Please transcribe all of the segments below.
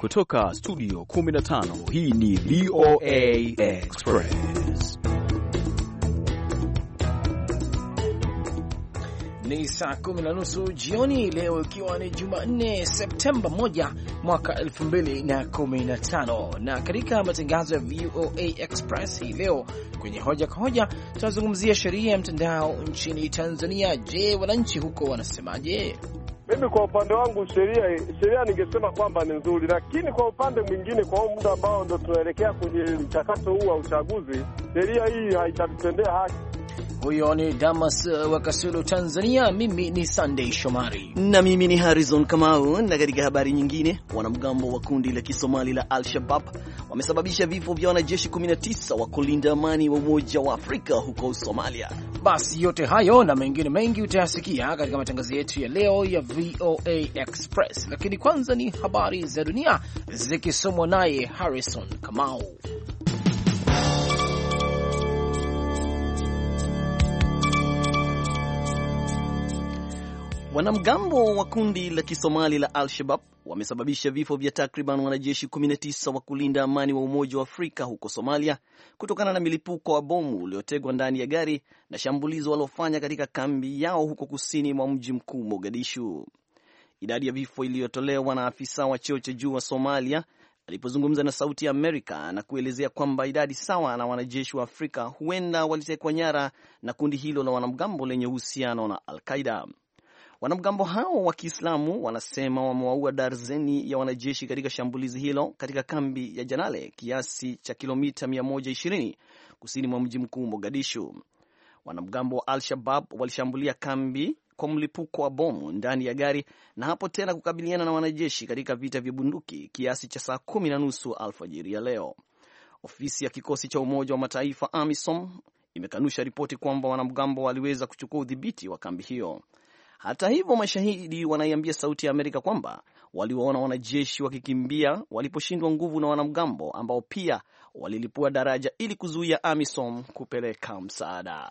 Kutoka studio 15 hii ni VOA Express. Ni saa kumi na nusu jioni leo, ikiwa ni Jumanne Septemba 1 mwaka 2015, na katika matangazo ya VOA Express hii leo kwenye hoja kwa hoja tunazungumzia sheria ya mtandao nchini Tanzania. Je, wananchi huko wanasemaje? Mimi kwa upande wangu sheria sheria ningesema kwamba ni nzuri, lakini kwa upande mwingine, kwa huu muda ambao ndo tunaelekea kwenye mchakato huu wa uchaguzi, sheria hii haitatutendea haki. Huyo ni Damas uh, wa Kasulu, Tanzania. Mimi ni Sunday Shomari na mimi ni Harrison Kamau. Na katika habari nyingine, wanamgambo wa kundi la Kisomali la Al-Shabab wamesababisha vifo vya wanajeshi 19 wa kulinda amani wa Umoja wa Afrika huko Somalia. Basi yote hayo na mengine mengi utayasikia katika matangazo yetu ya leo ya VOA Express, lakini kwanza ni habari za dunia zikisomwa naye Harrison Kamau. Wanamgambo wa kundi la Kisomali la Al-Shabab wamesababisha vifo vya takriban wanajeshi 19 wa kulinda amani wa Umoja wa Afrika huko Somalia kutokana na milipuko wa bomu uliotegwa ndani ya gari na shambulizo walofanya katika kambi yao huko kusini mwa mji mkuu Mogadishu. Idadi ya vifo iliyotolewa na afisa wa cheo cha juu wa Somalia alipozungumza na Sauti ya Amerika na kuelezea kwamba idadi sawa na wanajeshi wa Afrika huenda walitekwa nyara na kundi hilo la wanamgambo lenye uhusiano na Al-Qaida. Wanamgambo hao wa Kiislamu wanasema wamewaua darzeni ya wanajeshi katika shambulizi hilo katika kambi ya Janale, kiasi cha kilomita 120 kusini mwa mji mkuu Mogadishu. Wanamgambo wa Al-Shabab walishambulia kambi kwa mlipuko wa bomu ndani ya gari na hapo tena kukabiliana na wanajeshi katika vita vya bunduki kiasi cha saa kumi na nusu alfajiri ya leo. Ofisi ya kikosi cha Umoja wa Mataifa AMISOM imekanusha ripoti kwamba wanamgambo waliweza kuchukua udhibiti wa kambi hiyo. Hata hivyo, mashahidi wanaiambia Sauti ya Amerika kwamba waliwaona wanajeshi wakikimbia waliposhindwa nguvu na wanamgambo ambao pia walilipua daraja ili kuzuia AMISOM kupeleka msaada.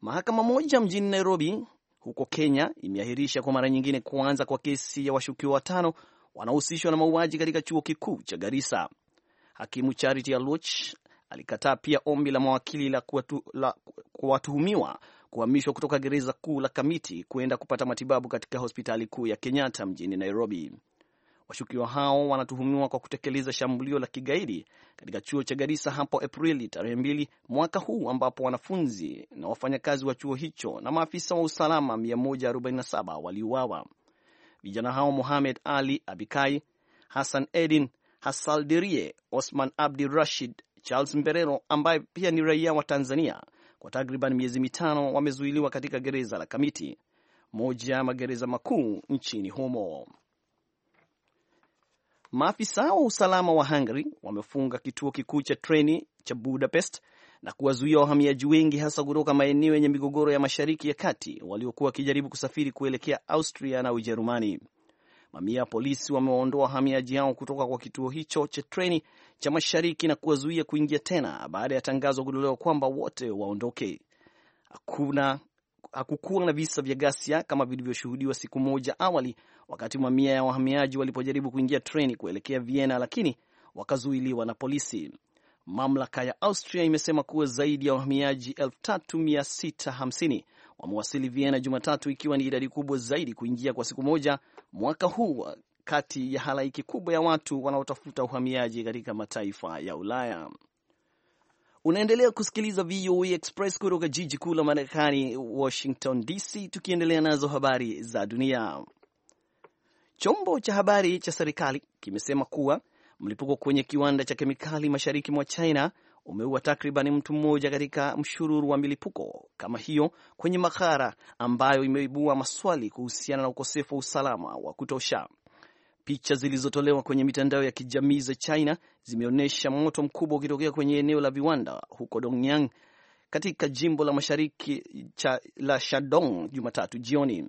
Mahakama moja mjini Nairobi huko Kenya imeahirisha kwa mara nyingine kuanza kwa kesi ya washukiwa watano wanaohusishwa na mauaji katika chuo kikuu cha Garissa. Hakimu Charity Aluch alikataa pia ombi la mawakili la kuwatuhumiwa kuhamishwa kutoka gereza kuu la Kamiti kuenda kupata matibabu katika hospitali kuu ya Kenyatta mjini Nairobi. Washukiwa hao wanatuhumiwa kwa kutekeleza shambulio la kigaidi katika chuo cha Garisa hapo Aprili tarehe mbili mwaka huu ambapo wanafunzi na wafanyakazi wa chuo hicho na maafisa wa usalama 147 waliuawa. Vijana hao Mohamed Ali Abikai, Hassan Edin Hasaldirie, Osman Abdi Rashid, Charles Mberero ambaye pia ni raia wa Tanzania kwa takriban miezi mitano wamezuiliwa katika gereza la Kamiti, moja ya magereza makuu nchini humo. Maafisa wa usalama wa Hungary wamefunga kituo kikuu cha treni cha Budapest na kuwazuia wahamiaji wengi hasa kutoka maeneo yenye migogoro ya Mashariki ya Kati waliokuwa wakijaribu kusafiri kuelekea Austria na Ujerumani. Mamia ya polisi wamewaondoa wahamiaji hao kutoka kwa kituo hicho cha treni cha mashariki na kuwazuia kuingia tena baada ya tangazo kutolewa kwamba wote waondoke. Hakuna, hakukuwa na visa vya ghasia kama vilivyoshuhudiwa siku moja awali wakati mamia ya wahamiaji walipojaribu kuingia treni kuelekea Vienna, lakini wakazuiliwa na polisi. Mamlaka ya Austria imesema kuwa zaidi ya wahamiaji 3650 wamewasili Vienna Jumatatu, ikiwa ni idadi kubwa zaidi kuingia kwa siku moja mwaka huu kati ya halaiki kubwa ya watu wanaotafuta uhamiaji katika mataifa ya Ulaya. Unaendelea kusikiliza VOA e Express kutoka jiji kuu la Marekani, Washington DC, tukiendelea nazo habari za dunia. Chombo cha habari cha serikali kimesema kuwa mlipuko kwenye kiwanda cha kemikali mashariki mwa China umeua takriban mtu mmoja katika mshururu wa milipuko kama hiyo kwenye maghara ambayo imeibua maswali kuhusiana na ukosefu wa usalama wa kutosha. Picha zilizotolewa kwenye mitandao ya kijamii za China zimeonyesha moto mkubwa ukitokea kwenye eneo la viwanda huko Dongyang katika jimbo la mashariki cha, la Shandong Jumatatu jioni.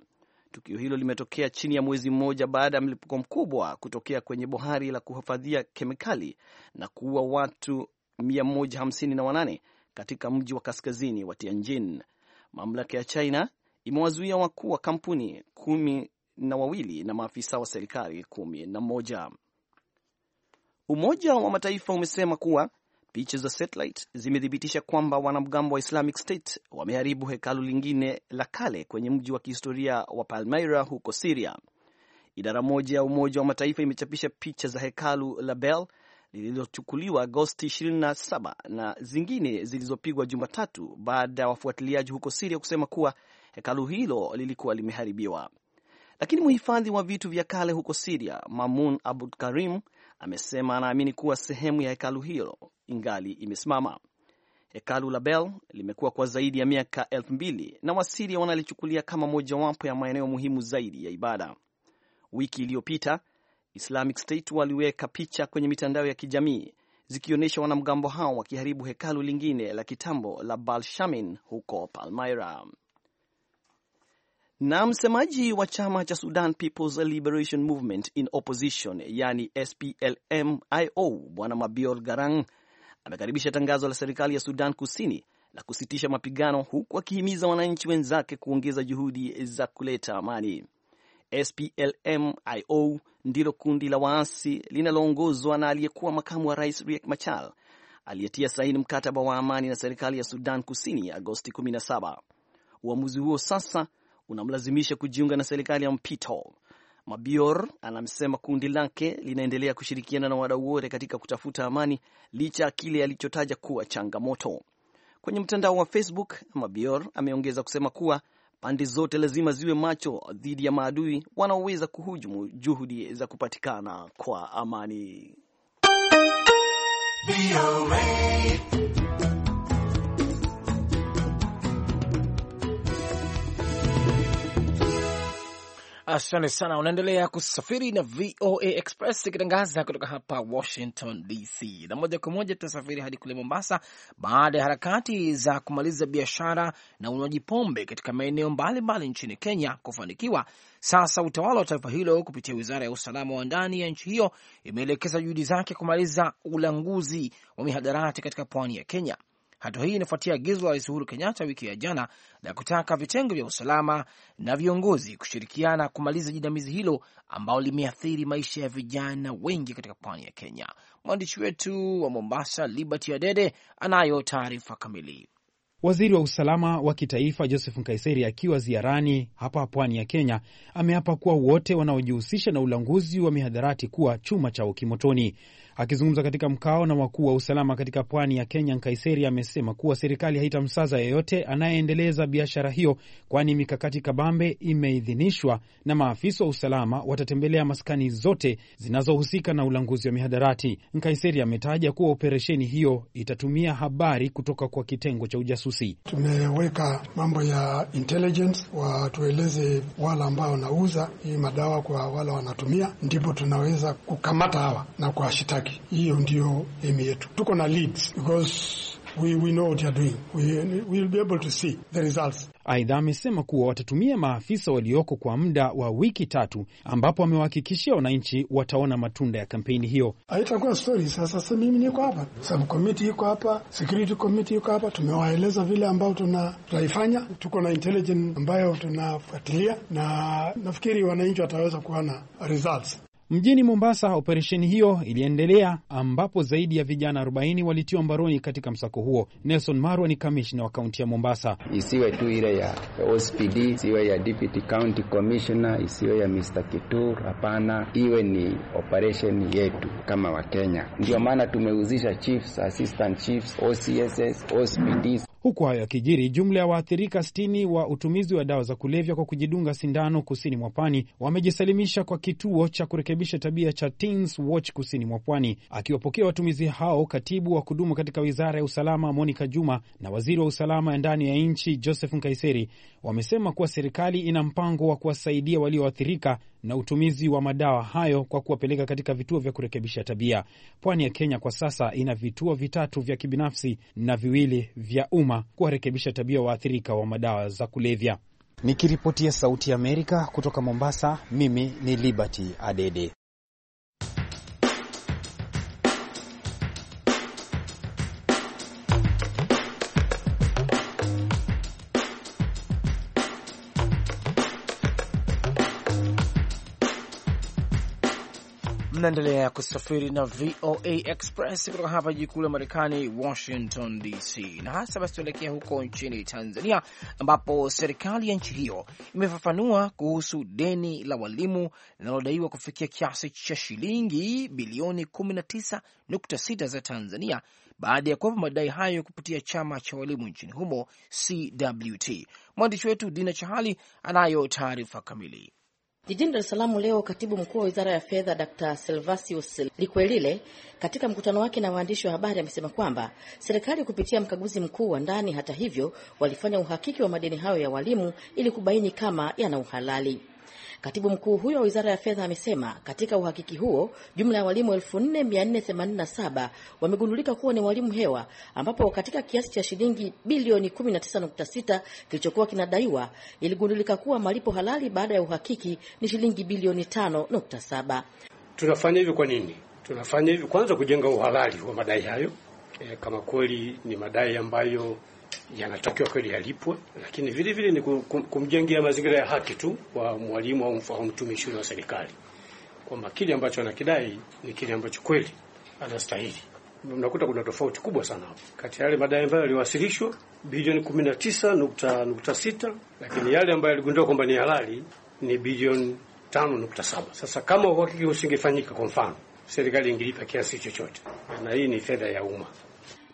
Tukio hilo limetokea chini ya mwezi mmoja baada ya mlipuko mkubwa kutokea kwenye bohari la kuhifadhia kemikali na kuua watu 158 katika mji wa kaskazini wa Tianjin. Mamlaka ya China imewazuia wakuu wa kampuni kumi na wawili na maafisa wa serikali kumi na moja. Umoja wa Mataifa umesema kuwa picha za satellite zimethibitisha kwamba wanamgambo wa Islamic State wameharibu hekalu lingine la kale kwenye mji wa kihistoria wa Palmyra huko Siria. Idara moja ya Umoja wa Mataifa imechapisha picha za hekalu la Bel lililochukuliwa Agosti 27 na zingine zilizopigwa Jumatatu baada ya wafuatiliaji huko Siria kusema kuwa hekalu hilo lilikuwa limeharibiwa. Lakini mhifadhi wa vitu vya kale huko Siria, Mamun Abud Karim, amesema anaamini kuwa sehemu ya hekalu hilo ingali imesimama. Hekalu la Bel limekuwa kwa zaidi ya miaka elfu mbili na Wasiria wanalichukulia kama mojawapo ya maeneo muhimu zaidi ya ibada. Wiki iliyopita Islamic State waliweka picha kwenye mitandao ya kijamii zikionyesha wanamgambo hao wakiharibu hekalu lingine la kitambo la Balshamin huko Palmyra. Na msemaji wa chama cha Sudan People's Liberation Movement in Opposition, yani splmio Bwana Mabior Garang amekaribisha tangazo la serikali ya Sudan Kusini la kusitisha mapigano huku akihimiza wananchi wenzake kuongeza juhudi za kuleta amani. splmio ndilo kundi la waasi linaloongozwa na aliyekuwa makamu wa rais Riek Machar aliyetia saini mkataba wa amani na serikali ya Sudan Kusini Agosti 17. Uamuzi huo sasa unamlazimisha kujiunga na serikali ya mpito. Mabior anamsema kundi lake linaendelea kushirikiana na wadau wote katika kutafuta amani licha ya kile alichotaja kuwa changamoto. Kwenye mtandao wa Facebook, Mabior ameongeza kusema kuwa pande zote lazima ziwe macho dhidi ya maadui wanaoweza kuhujumu juhudi za kupatikana kwa amani. Asante sana. Unaendelea kusafiri na VOA Express ikitangaza kutoka hapa Washington DC, na moja kwa moja tutasafiri hadi kule Mombasa. Baada ya harakati za kumaliza biashara na unywaji pombe katika maeneo mbalimbali nchini Kenya kufanikiwa, sasa utawala wa taifa hilo kupitia wizara ya usalama wa ndani ya nchi hiyo imeelekeza juhudi zake kumaliza ulanguzi wa mihadarati katika pwani ya Kenya. Hatua hii inafuatia agizo la Rais Uhuru Kenyatta wiki ya jana la kutaka vitengo vya usalama na viongozi kushirikiana kumaliza jinamizi hilo ambalo limeathiri maisha ya vijana wengi katika pwani ya Kenya. Mwandishi wetu wa Mombasa, Liberty Adede, anayo taarifa kamili. Waziri wa usalama wa kitaifa Joseph Nkaiseri akiwa ziarani hapa pwani ya Kenya ameapa kuwa wote wanaojihusisha na ulanguzi wa mihadharati kuwa chuma chao kimotoni. Akizungumza katika mkao na wakuu wa usalama katika pwani ya Kenya, Nkaiseri amesema kuwa serikali haitamsaza yeyote anayeendeleza biashara hiyo, kwani mikakati kabambe imeidhinishwa na maafisa wa usalama watatembelea maskani zote zinazohusika na ulanguzi wa mihadarati. Nkaiseri ametaja kuwa operesheni hiyo itatumia habari kutoka kwa kitengo cha ujasusi. Tumeweka mambo ya intelligence, watueleze wale ambao wanauza hii madawa kwa wale wanatumia, ndipo tunaweza kukamata hawa na kuwashitaki yake. Hiyo ndio emi yetu. Tuko na leads because we, we know what you are doing. We, we'll be able to see the results. Aidha, amesema kuwa watatumia maafisa walioko kwa muda wa wiki tatu, ambapo amewahakikishia wananchi wataona matunda ya kampeni hiyo. Haitakuwa stori sasa. Sasa mimi niko hapa, subcommittee iko hapa, security komiti iko hapa, tumewaeleza vile ambao tunaifanya. Tuko na intelligence ambayo tunafuatilia, na nafikiri wananchi wataweza kuona results. Mjini Mombasa, operesheni hiyo iliendelea ambapo zaidi ya vijana 40 walitiwa mbaroni katika msako huo. Nelson Marwa ni kamishna wa kaunti ya Mombasa. Isiwe tu ile ya OSPD, isiwe ya deputy county commissioner, isiwe ya Mr. Kitur. Hapana, iwe ni operesheni yetu kama Wakenya. Ndio maana tumehuzisha chiefs, assistant chiefs, OCSS, OSPDs. Huku hayo yakijiri, jumla ya waathirika 60 wa utumizi wa dawa za kulevya kwa kujidunga sindano kusini mwa pwani wamejisalimisha kwa kituo cha kurekebisha tabia cha Teens Watch kusini mwa pwani. Akiwapokea watumizi hao, katibu wa kudumu katika wizara ya usalama Monica Juma na waziri wa usalama ya ndani ya nchi Joseph Nkaiseri wamesema kuwa serikali ina mpango wa kuwasaidia walioathirika na utumizi wa madawa hayo kwa kuwapeleka katika vituo vya kurekebisha tabia. Pwani ya Kenya kwa sasa ina vituo vitatu vya kibinafsi na viwili vya umma kuwarekebisha tabia waathirika wa madawa za kulevya. Nikiripotia Sauti ya Amerika kutoka Mombasa, mimi ni Liberty Adede. Mnaendelea kusafiri na VOA Express kutoka hapa jiji kuu la Marekani, Washington DC, na hasa basi tuelekea huko nchini Tanzania, ambapo serikali ya nchi hiyo imefafanua kuhusu deni la walimu linalodaiwa kufikia kiasi cha shilingi bilioni 19.6 za Tanzania baada ya kuwepo madai hayo kupitia chama cha walimu nchini humo CWT. Mwandishi wetu Dina Chahali anayo taarifa kamili. Jijini Dar es Salaam leo, katibu mkuu wa wizara ya fedha Dr Silvasius Likwelile katika mkutano wake na waandishi wa habari amesema kwamba serikali kupitia mkaguzi mkuu wa ndani, hata hivyo, walifanya uhakiki wa madeni hayo ya walimu ili kubaini kama yana uhalali. Katibu mkuu huyo wa wizara ya fedha amesema katika uhakiki huo jumla ya walimu 4487 wamegundulika kuwa ni walimu hewa, ambapo katika kiasi cha shilingi bilioni 19.6 kilichokuwa kinadaiwa iligundulika kuwa malipo halali baada ya uhakiki ni shilingi bilioni 5.7. Tunafanya hivyo kwa nini? Tunafanya hivyo kwanza kujenga uhalali wa madai hayo. E, kama kweli ni madai ambayo yanatakiwa kweli yalipwe, lakini vile vile ni kumjengea mazingira ya haki tu kwa mwalimu au mtumishi wa serikali kwamba kile ambacho anakidai ni kile ambacho kweli anastahili. Mnakuta kuna tofauti kubwa sana hapo kati ya yale madai ambayo yaliwasilishwa bilioni 19.6, lakini yale ambayo yaligundua kwamba ni halali ni bilioni 5.7. Sasa kama uhakiki usingefanyika, kwa mfano serikali ingilipa kiasi chochote, na hii ni fedha ya umma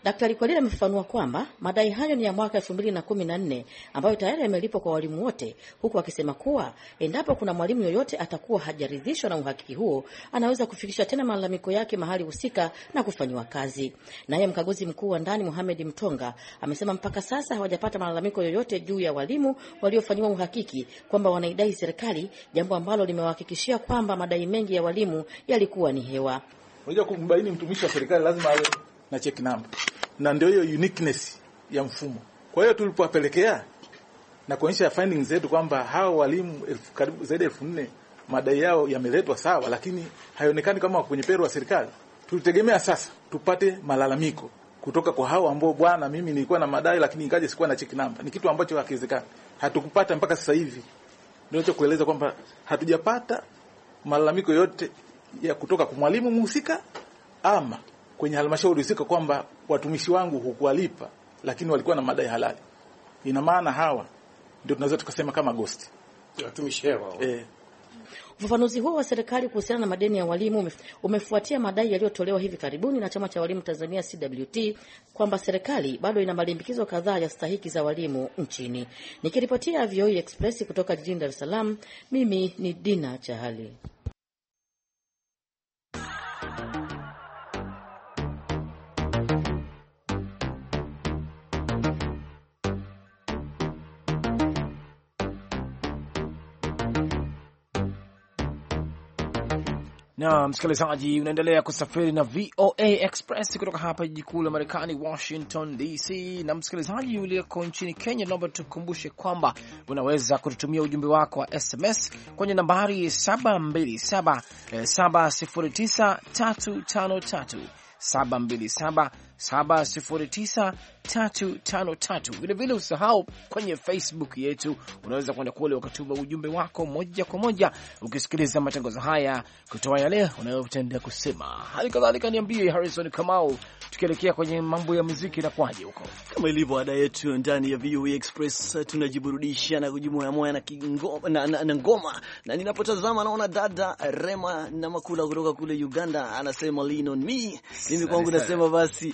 Daktari Kwalila amefafanua kwamba madai hayo ni ya mwaka 2014 ambayo tayari yamelipwa kwa walimu wote, huku akisema kuwa endapo kuna mwalimu yoyote atakuwa hajaridhishwa na uhakiki huo, anaweza kufikisha tena malalamiko yake mahali husika na kufanyiwa kazi. Naye mkaguzi mkuu wa ndani Mohamed Mtonga amesema mpaka sasa hawajapata malalamiko yoyote juu ya walimu waliofanyiwa uhakiki kwamba wanaidai serikali, jambo ambalo limewahakikishia kwamba madai mengi ya walimu yalikuwa ni hewa. Unajua, kumbaini mtumishi wa serikali lazima na check number, na ndio hiyo uniqueness ya mfumo. Kwa hiyo tulipowapelekea na kuonyesha findings zetu kwamba hao walimu elfu, karibu zaidi ya elfu nne madai yao yameletwa sawa, lakini haionekani kama kwenye peru wa serikali. Tulitegemea sasa tupate malalamiko kutoka kwa hao ambao, bwana, mimi nilikuwa na madai lakini ingaje sikuwa na check number. Ni kitu ambacho hakiwezekani, hatukupata mpaka sasa hivi. Ndio kueleza kwamba hatujapata malalamiko yote ya kutoka kwa mwalimu mhusika ama kwenye halmashauri husika kwamba watumishi wangu hukuwalipa, lakini walikuwa na madai halali. Ina maana hawa ndio tunaweza tukasema kama ghost watumishi hewa. Eh. ufafanuzi huo wa serikali kuhusiana na madeni ya walimu umefuatia madai yaliyotolewa hivi karibuni na chama cha walimu Tanzania CWT kwamba serikali bado ina malimbikizo kadhaa ya stahiki za walimu nchini. Nikiripotia VOA e Express kutoka jijini Dar es Salaam, mimi ni Dina Chahali. na msikilizaji, unaendelea kusafiri na VOA Express kutoka hapa jiji kuu la Marekani, Washington DC. Na msikilizaji ulioko nchini Kenya, naomba tukumbushe kwamba unaweza kututumia ujumbe wako wa SMS kwenye nambari 727 709 353 727 7095353. Vilevile usahau kwenye Facebook yetu, unaweza kwenda kule ukatuma ujumbe wako moja kwa moja ukisikiliza matangazo haya, kutoa yale unayotendea kusema. Hali kadhalika niambie Harrison Kamau, tukielekea kwenye mambo ya muziki na kwaje huko, kama ilivyo ada yetu ndani ya VOA e Express, tunajiburudisha na kujimoya moya na, na, na, na ngoma. Na ninapotazama naona dada Rema na Makula kutoka kule Uganda anasema lean on me, mimi kwangu nasema basi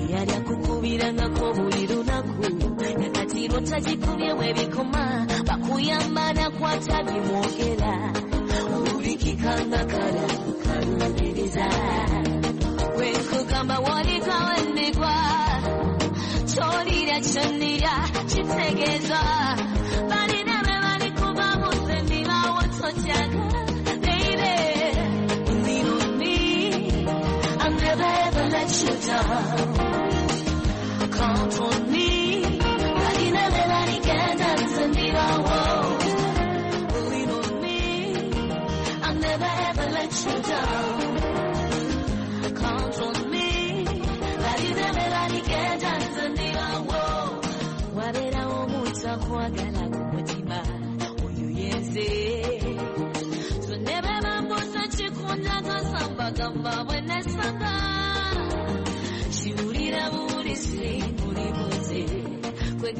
birangako buli lunaku nakati lwotagikumye bwebikoma bakuyamba nakwatabimwogera obulikika nga kala kaluubiriza bwenkugamba walikawendigwa kyolirya kyonnirya kitegeeza balina be balikubabuze ndibawo totyagala never ever let you down. fall me.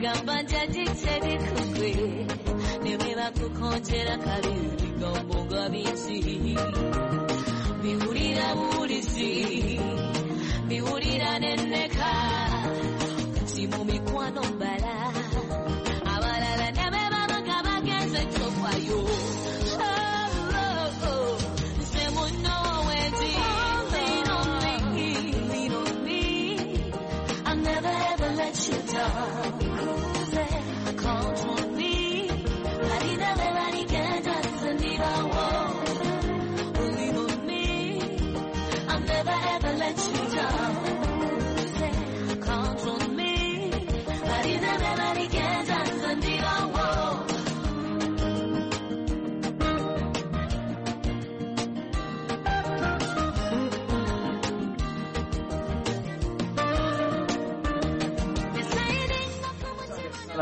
gamba njagikira ebikugwe ne bwe bakukonjera kabi bigambo nga biki biwulira buwulizi biwulira ne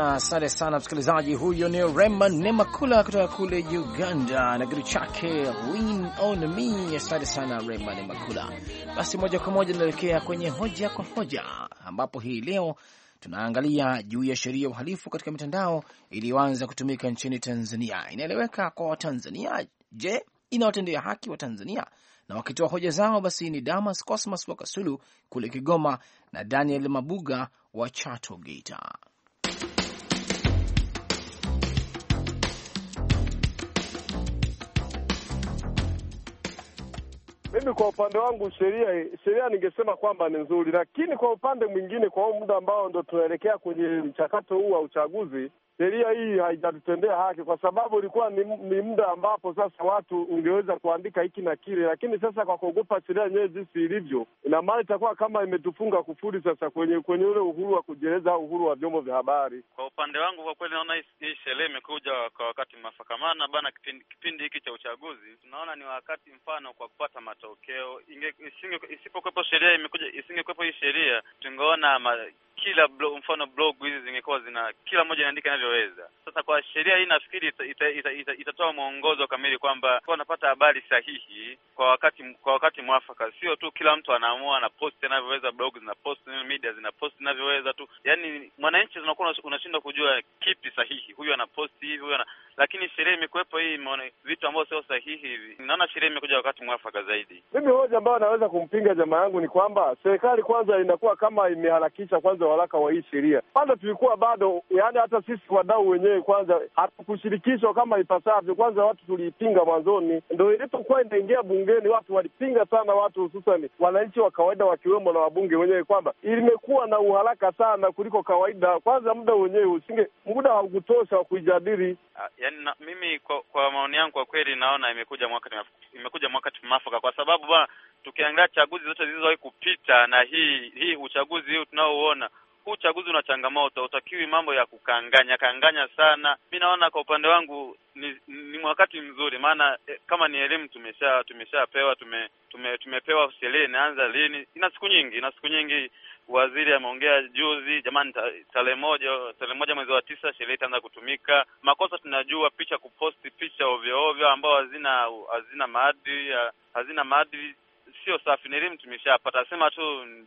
sana, asante sana msikilizaji. Huyo ni Rema Nemakula kutoka kule Uganda na kitu chake Lean on Me. Asante sana Rema Nemakula. Basi moja kwa moja tunaelekea kwenye hoja kwa hoja, ambapo hii leo tunaangalia juu ya sheria ya uhalifu katika mitandao iliyoanza kutumika nchini Tanzania. Inaeleweka kwa Watanzania? Je, inawatendea haki wa Tanzania? na wakitoa hoja zao basi ni Damas Cosmas wa Kasulu kule Kigoma na Daniel Mabuga wa Chato Geita. Mimi kwa upande wangu sheria sheria ningesema kwamba ni nzuri, lakini kwa upande mwingine, kwa huu muda ambao ndo tunaelekea kwenye mchakato huu wa uchaguzi, sheria hii haijatutendea haki, kwa sababu ilikuwa ni, ni muda ambapo sasa watu ungeweza kuandika hiki na kile, lakini sasa kwa kuogopa sheria yenyewe jinsi ilivyo, ina maana itakuwa kama imetufunga kufuri sasa kwenye kwenye ule uhuru wa kujieleza au uhuru wa vyombo vya habari. Kwa upande wangu, kwa kweli naona hii sheria imekuja kwa wakati mwafaka, maana bana, kipindi hiki cha uchaguzi tunaona ni wakati mfano kwa kupata matokeo. Isingekuwepo sheria imekuja, isingekuwepo hii sheria tungeona kila blog, mfano blog hizi zingekuwa zina kila mmoja anaandika inavyoweza. Sasa kwa sheria hii nafikiri itatoa ita, ita, ita, ita mwongozo kamili kwamba kwa habari sahihi kwa wakati kwa wakati mwafaka, sio tu kila mtu anaamua post anavyoweza, blog zinapost, media post inavyoweza tu, Yani mwananchi unakuwa unashindwa kujua kipi sahihi, huyu anaposti hivi, huyu ana lakini sheria imekuwepo hii, imeona vitu ambavyo sio sahihi hivi. Naona sheria imekuja wakati mwafaka zaidi. Mimi hoja ambayo anaweza kumpinga jamaa yangu ni kwamba serikali kwanza inakuwa kama imeharakisha kwanza waraka wa hii sheria. Kwanza tulikuwa bado, yaani hata sisi wadau wenyewe kwanza hatukushirikishwa kama ipasavyo. Kwanza watu tuliipinga mwanzoni, ndo ilipokuwa inaingia bungeni, watu walipinga sana, watu hususani wananchi wa kawaida, wakiwemo na wabunge wenyewe, kwamba imekuwa na uharaka sana kuliko kawaida. Kwanza muda wenyewe usinge, muda haukutosha wa kuijadili. Ah, yaani mimi kwa, kwa maoni yangu kwa kweli naona imekuja mwaka imekuja mwaka kwa sababu ba, tukiangalia chaguzi zote zilizowahi kupita na hii hii uchaguzi huu tunaouona huu uchaguzi una changamoto, utakiwi mambo ya kukanganya kanganya sana. Mi naona kwa upande wangu ni, ni wakati mzuri, maana eh, kama ni elimu tumesha tumeshapewa tume, tume, tumepewa sherehe inaanza lini, ina siku nyingi, ina siku nyingi. Waziri ameongea juzi, jamani, tarehe moja tarehe moja mwezi wa tisa sherehe itaanza kutumika. Makosa tunajua, picha kuposti picha ovyo ovyo ambao hazina hazina maadili hazina maadili sio safi, ni elimu tumeshapata, sema tu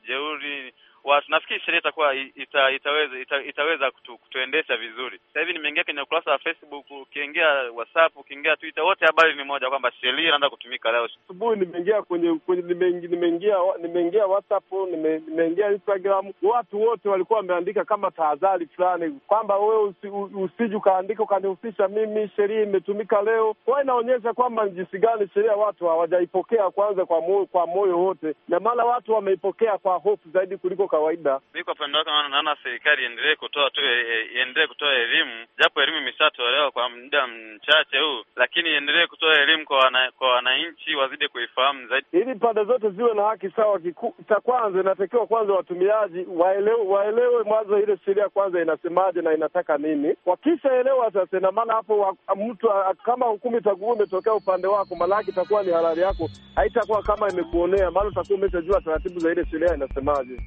jeuri watu nafikiri sheria itakuwa ita, itaweza ita, itaweza kutu, kutuendesha vizuri. Sasa hivi nimeingia kwenye ukurasa wa Facebook, ukiingia WhatsApp, ukiingia Twitter, wote habari ni moja kwamba sheria inaanza kutumika leo asubuhi. Nimeingia kwenye nimeingia nimeingia WhatsApp, nimeingia Instagram, watu wote walikuwa wameandika kama tahadhari fulani kwamba wewe usiji ukaandika ukanihusisha mimi, sheria imetumika leo. Kwa inaonyesha kwamba jinsi gani sheria watu hawajaipokea kwanza kwa moyo kwa moyo wote, na mara watu wameipokea kwa hofu zaidi kuliko kawaida. Mi kwa upande wake naona serikali iendelee kutoa tu eh, eh, iendelee kutoa elimu, japo elimu imeshatolewa kwa muda mchache huu, lakini iendelee kutoa elimu kwa wana, kwa wananchi wazidi kuifahamu zaidi, ili pande zote ziwe na haki sawa. Cha kwanza inatakiwa kwanza watumiaji waelewe, waelewe mwanzo ile sheria kwanza inasemaje na inataka nini. Wakishaelewa sasa, ina maana hapo mtu kama hukumu itakuwa imetokea upande wako, malaki itakuwa ni halali yako, haitakuwa kama imekuonea, maana utakuwa umeshajua taratibu za ile sheria inasemaje.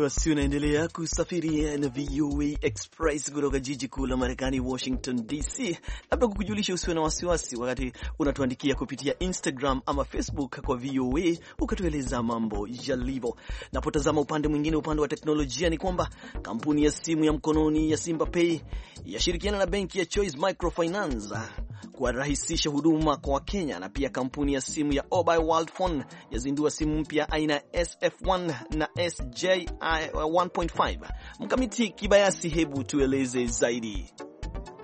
Basi unaendelea kusafiri na VOA Express kutoka jiji kuu la Marekani, Washington DC. Labda kukujulisha, usiwe na wasiwasi wakati unatuandikia kupitia Instagram ama Facebook kwa VOA ukatueleza mambo yalivyo. Napotazama upande mwingine, upande wa teknolojia, ni kwamba kampuni ya simu ya mkononi ya Simba Pay yashirikiana na benki ya Choice Microfinance kuwarahisisha huduma kwa Wakenya. Na pia kampuni ya simu ya Obi World Phone yazindua simu mpya aina ya SF1 na SJ1.5. Mkamiti Kibayasi, hebu tueleze zaidi.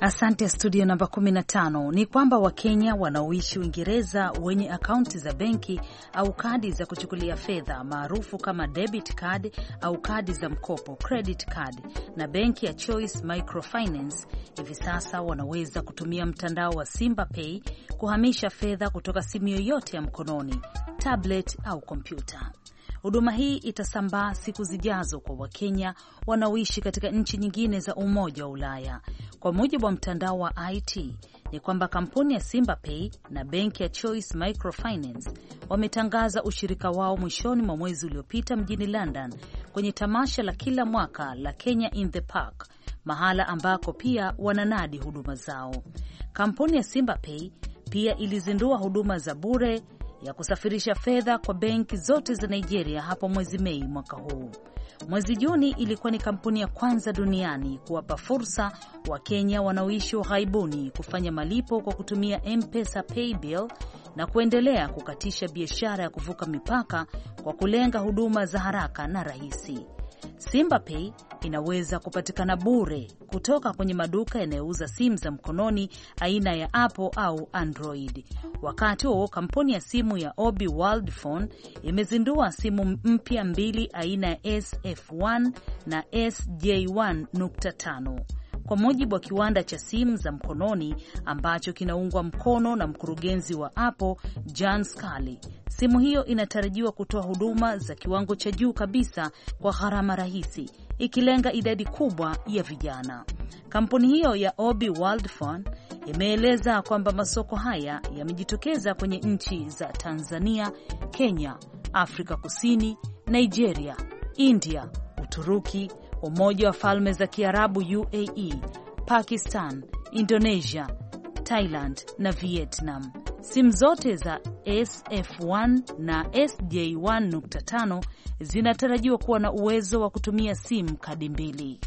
Asante studio namba 15. Ni kwamba Wakenya wanaoishi Uingereza wenye akaunti za benki au kadi za kuchukulia fedha maarufu kama debit card au kadi za mkopo credit card na benki ya Choice Microfinance hivi sasa wanaweza kutumia mtandao wa Simba Pay kuhamisha fedha kutoka simu yoyote ya mkononi, tablet au kompyuta. Huduma hii itasambaa siku zijazo kwa Wakenya wanaoishi katika nchi nyingine za Umoja wa Ulaya. Kwa mujibu wa mtandao wa IT ni kwamba kampuni ya Simba Pay na benki ya Choice Microfinance wametangaza ushirika wao mwishoni mwa mwezi uliopita mjini London kwenye tamasha la kila mwaka la Kenya in the Park, mahala ambako pia wananadi huduma zao. Kampuni ya Simba Pay pia ilizindua huduma za bure ya kusafirisha fedha kwa benki zote za Nigeria hapo mwezi Mei mwaka huu. Mwezi Juni ilikuwa ni kampuni ya kwanza duniani kuwapa fursa Wakenya wanaoishi ughaibuni kufanya malipo kwa kutumia M-Pesa Paybill na kuendelea kukatisha biashara ya kuvuka mipaka kwa kulenga huduma za haraka na rahisi simba pay inaweza kupatikana bure kutoka kwenye maduka yanayouza simu za mkononi aina ya Apple au Android. Wakati huo kampuni ya simu ya Obi World Phone imezindua simu mpya mbili aina ya SF1 na SJ1.5 kwa mujibu wa kiwanda cha simu za mkononi ambacho kinaungwa mkono na mkurugenzi wa Apple John Sculley. Simu hiyo inatarajiwa kutoa huduma za kiwango cha juu kabisa kwa gharama rahisi, ikilenga idadi kubwa ya vijana. Kampuni hiyo ya Obi Wildphone imeeleza kwamba masoko haya yamejitokeza kwenye nchi za Tanzania, Kenya, Afrika Kusini, Nigeria, India, Uturuki, Umoja wa Falme za Kiarabu UAE, Pakistan, Indonesia, Thailand na Vietnam. Simu zote za SF1 na SJ1.5 zinatarajiwa kuwa na uwezo wa kutumia simu kadi mbili.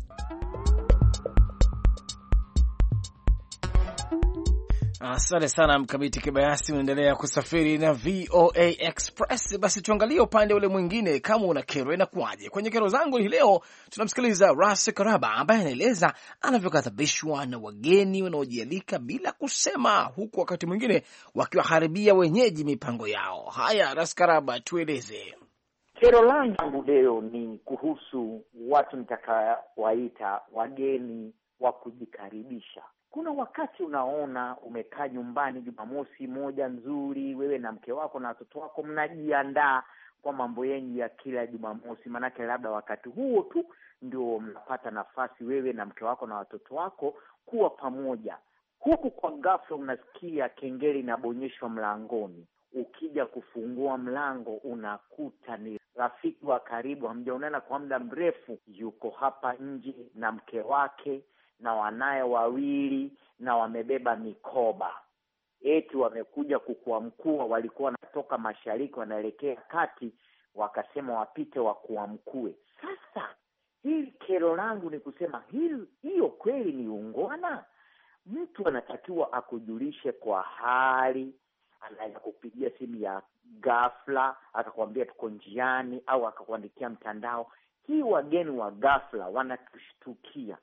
Asante sana Mkamiti Kibayasi. Unaendelea kusafiri na VOA Express. Basi tuangalie upande ule mwingine, kama una kero inakuwaje? Kwenye kero zangu hii leo tunamsikiliza Ras Karaba ambaye anaeleza anavyokadhabishwa na wageni wanaojialika bila kusema, huku wakati mwingine wakiwaharibia wenyeji mipango yao. Haya, Ras Karaba, tueleze. Kero langu leo ni kuhusu watu nitakawaita wageni wa kujikaribisha kuna wakati unaona umekaa nyumbani Jumamosi moja nzuri, wewe na mke wako na watoto wako, mnajiandaa kwa mambo yenyu ya kila Jumamosi, maanake labda wakati huo tu ndio mnapata nafasi wewe na mke wako na watoto wako kuwa pamoja. Huku kwa gafla unasikia kengele inabonyeshwa mlangoni. Ukija kufungua mlango unakuta ni rafiki wa karibu, hamjaonana kwa muda mrefu, yuko hapa nje na mke wake na wanaye wawili na wamebeba mikoba, eti wamekuja kukuamkua. Walikuwa wanatoka mashariki wanaelekea kati, wakasema wapite wakuamkue. Sasa hili kero langu ni kusema hili, hiyo kweli ni ungwana? Mtu anatakiwa akujulishe kwa hali anaweza kupigia simu ya ghafla akakwambia tuko njiani, au akakuandikia mtandao. Hii wageni wa ghafla wanatushtukia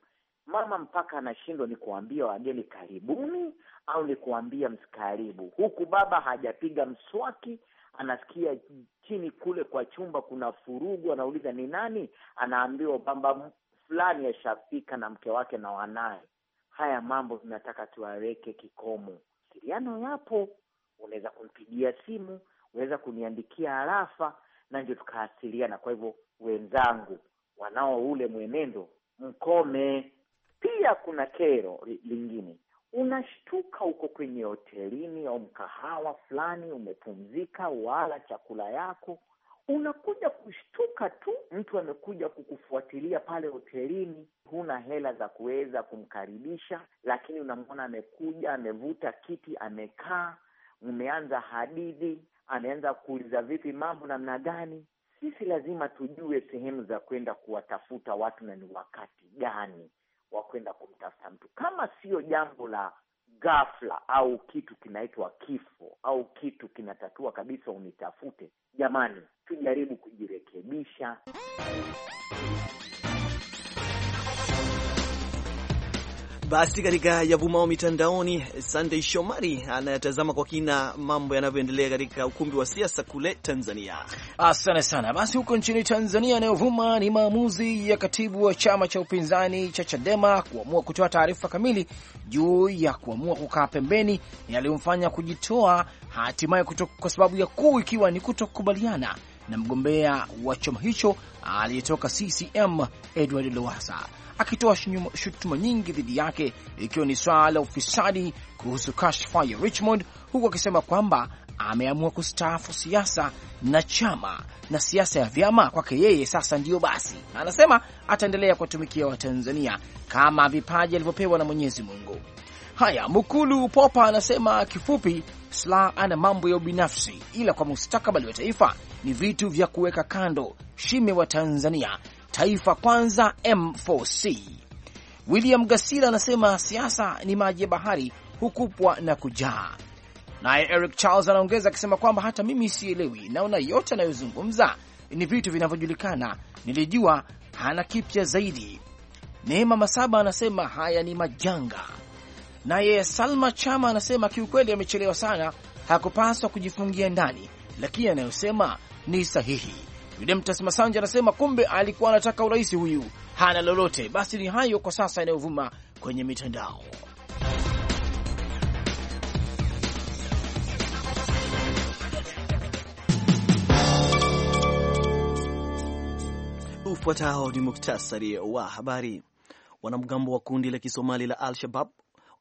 mama mpaka anashindwa ni kuambia wageni karibuni au ni kuambia msikaribu, huku baba hajapiga mswaki anasikia chini kule kwa chumba kuna furugu, anauliza ni nani, anaambiwa kwamba fulani yashafika na mke wake na wanaye. Haya mambo tunataka tuwaweke kikomo. Mawasiliano yapo, unaweza kumpigia simu, unaweza kuniandikia harafa na ndio tukaasiliana. Kwa hivyo, wenzangu, wanao ule mwenendo, mkome. Pia kuna kero lingine, unashtuka uko kwenye hotelini au mkahawa fulani, umepumzika, wala chakula yako, unakuja kushtuka tu mtu amekuja kukufuatilia pale hotelini. Huna hela za kuweza kumkaribisha, lakini unamwona amekuja, amevuta kiti, amekaa, umeanza hadithi, ameanza kuuliza vipi, mambo namna gani. Sisi lazima tujue sehemu za kwenda kuwatafuta watu na ni wakati gani wa kwenda kumtafuta mtu, kama sio jambo la ghafla au kitu kinaitwa kifo au kitu kinatatua kabisa unitafute. Jamani, tujaribu kujirekebisha. Basi katika yavumao mitandaoni, Sunday Shomari anayatazama kwa kina mambo yanavyoendelea katika ukumbi wa siasa kule Tanzania. Asante sana. Basi huko nchini Tanzania, anayovuma ni maamuzi ya katibu wa chama cha upinzani cha Chadema kuamua kutoa taarifa kamili juu ya kuamua kukaa pembeni yaliyomfanya kujitoa hatimaye, kwa sababu ya kuu ikiwa ni kutokubaliana na mgombea wa chama hicho aliyetoka CCM Edward lowasa akitoa shutuma nyingi dhidi yake ikiwa ni swala la ufisadi kuhusu kashfa ya Richmond, huku akisema kwamba ameamua kustaafu siasa na chama na siasa ya vyama kwake yeye sasa ndiyo basi. Anasema ataendelea kuwatumikia Watanzania kama vipaji alivyopewa na Mwenyezi Mungu. Haya, Mukulu Popa anasema kifupi, sla ana mambo ya ubinafsi, ila kwa mustakabali wa taifa ni vitu vya kuweka kando. Shime wa Tanzania, taifa kwanza, M4C. William Gasila anasema siasa ni maji ya bahari hukupwa na kujaa. Naye Eric Charles anaongeza akisema kwamba hata mimi sielewi, naona yote anayozungumza ni vitu vinavyojulikana, nilijua hana kipya zaidi. Neema Masaba anasema haya ni majanga. Naye Salma Chama anasema kiukweli amechelewa sana, hakupaswa kujifungia ndani, lakini anayosema ni sahihi. Yudemtas Masanja anasema kumbe alikuwa anataka urais huyu, hana lolote. Basi ni hayo kwa sasa yanayovuma kwenye mitandao. Ufuatao ni muktasari wa habari. Wanamgambo wa kundi la Kisomali la Al-Shabab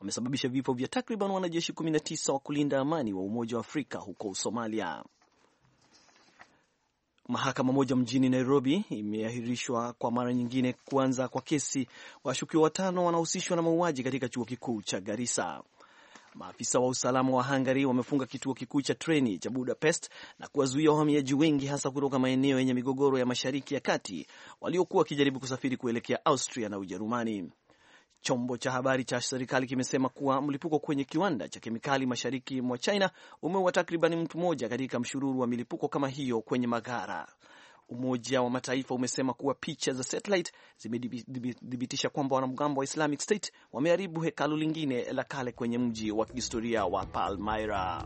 wamesababisha vifo vya takriban wanajeshi 19 wa kulinda amani wa Umoja wa Afrika huko Somalia. Mahakama moja mjini Nairobi imeahirishwa kwa mara nyingine kuanza kwa kesi washukiwa watano wanahusishwa na mauaji katika chuo kikuu cha Garissa. Maafisa wa usalama wa Hungary wamefunga kituo kikuu cha treni cha Budapest na kuwazuia wahamiaji wengi hasa kutoka maeneo yenye migogoro ya Mashariki ya Kati waliokuwa wakijaribu kusafiri kuelekea Austria na Ujerumani. Chombo cha habari cha serikali kimesema kuwa mlipuko kwenye kiwanda cha kemikali mashariki mwa China umeua takriban mtu mmoja katika mshururu wa milipuko kama hiyo kwenye maghara. Umoja wa Mataifa umesema kuwa picha za satellite zimedhibitisha kwamba wanamgambo wa Islamic State wameharibu hekalu lingine la kale kwenye mji wa kihistoria wa Palmyra.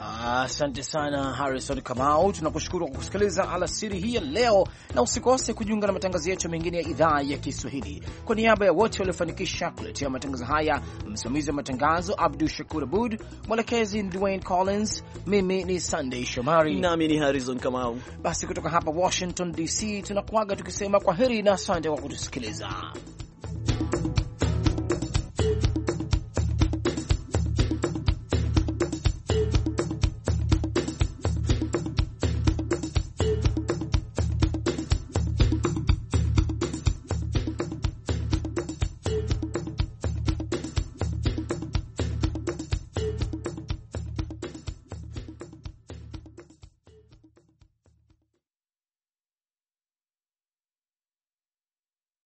Asante sana Harrison Kamau, tunakushukuru kwa kusikiliza alasiri hii ya leo, na usikose kujiunga na matangazo yetu mengine ya idhaa ya Kiswahili. Kwa niaba ya wote waliofanikisha kuletea matangazo haya, msimamizi wa matangazo Abdu Shakur Abud, mwelekezi Dwayne Collins, mimi ni sandey Shomari nami ni Harrison Kamau. Basi kutoka hapa Washington DC tunakuaga tukisema kwa heri na asante kwa kutusikiliza.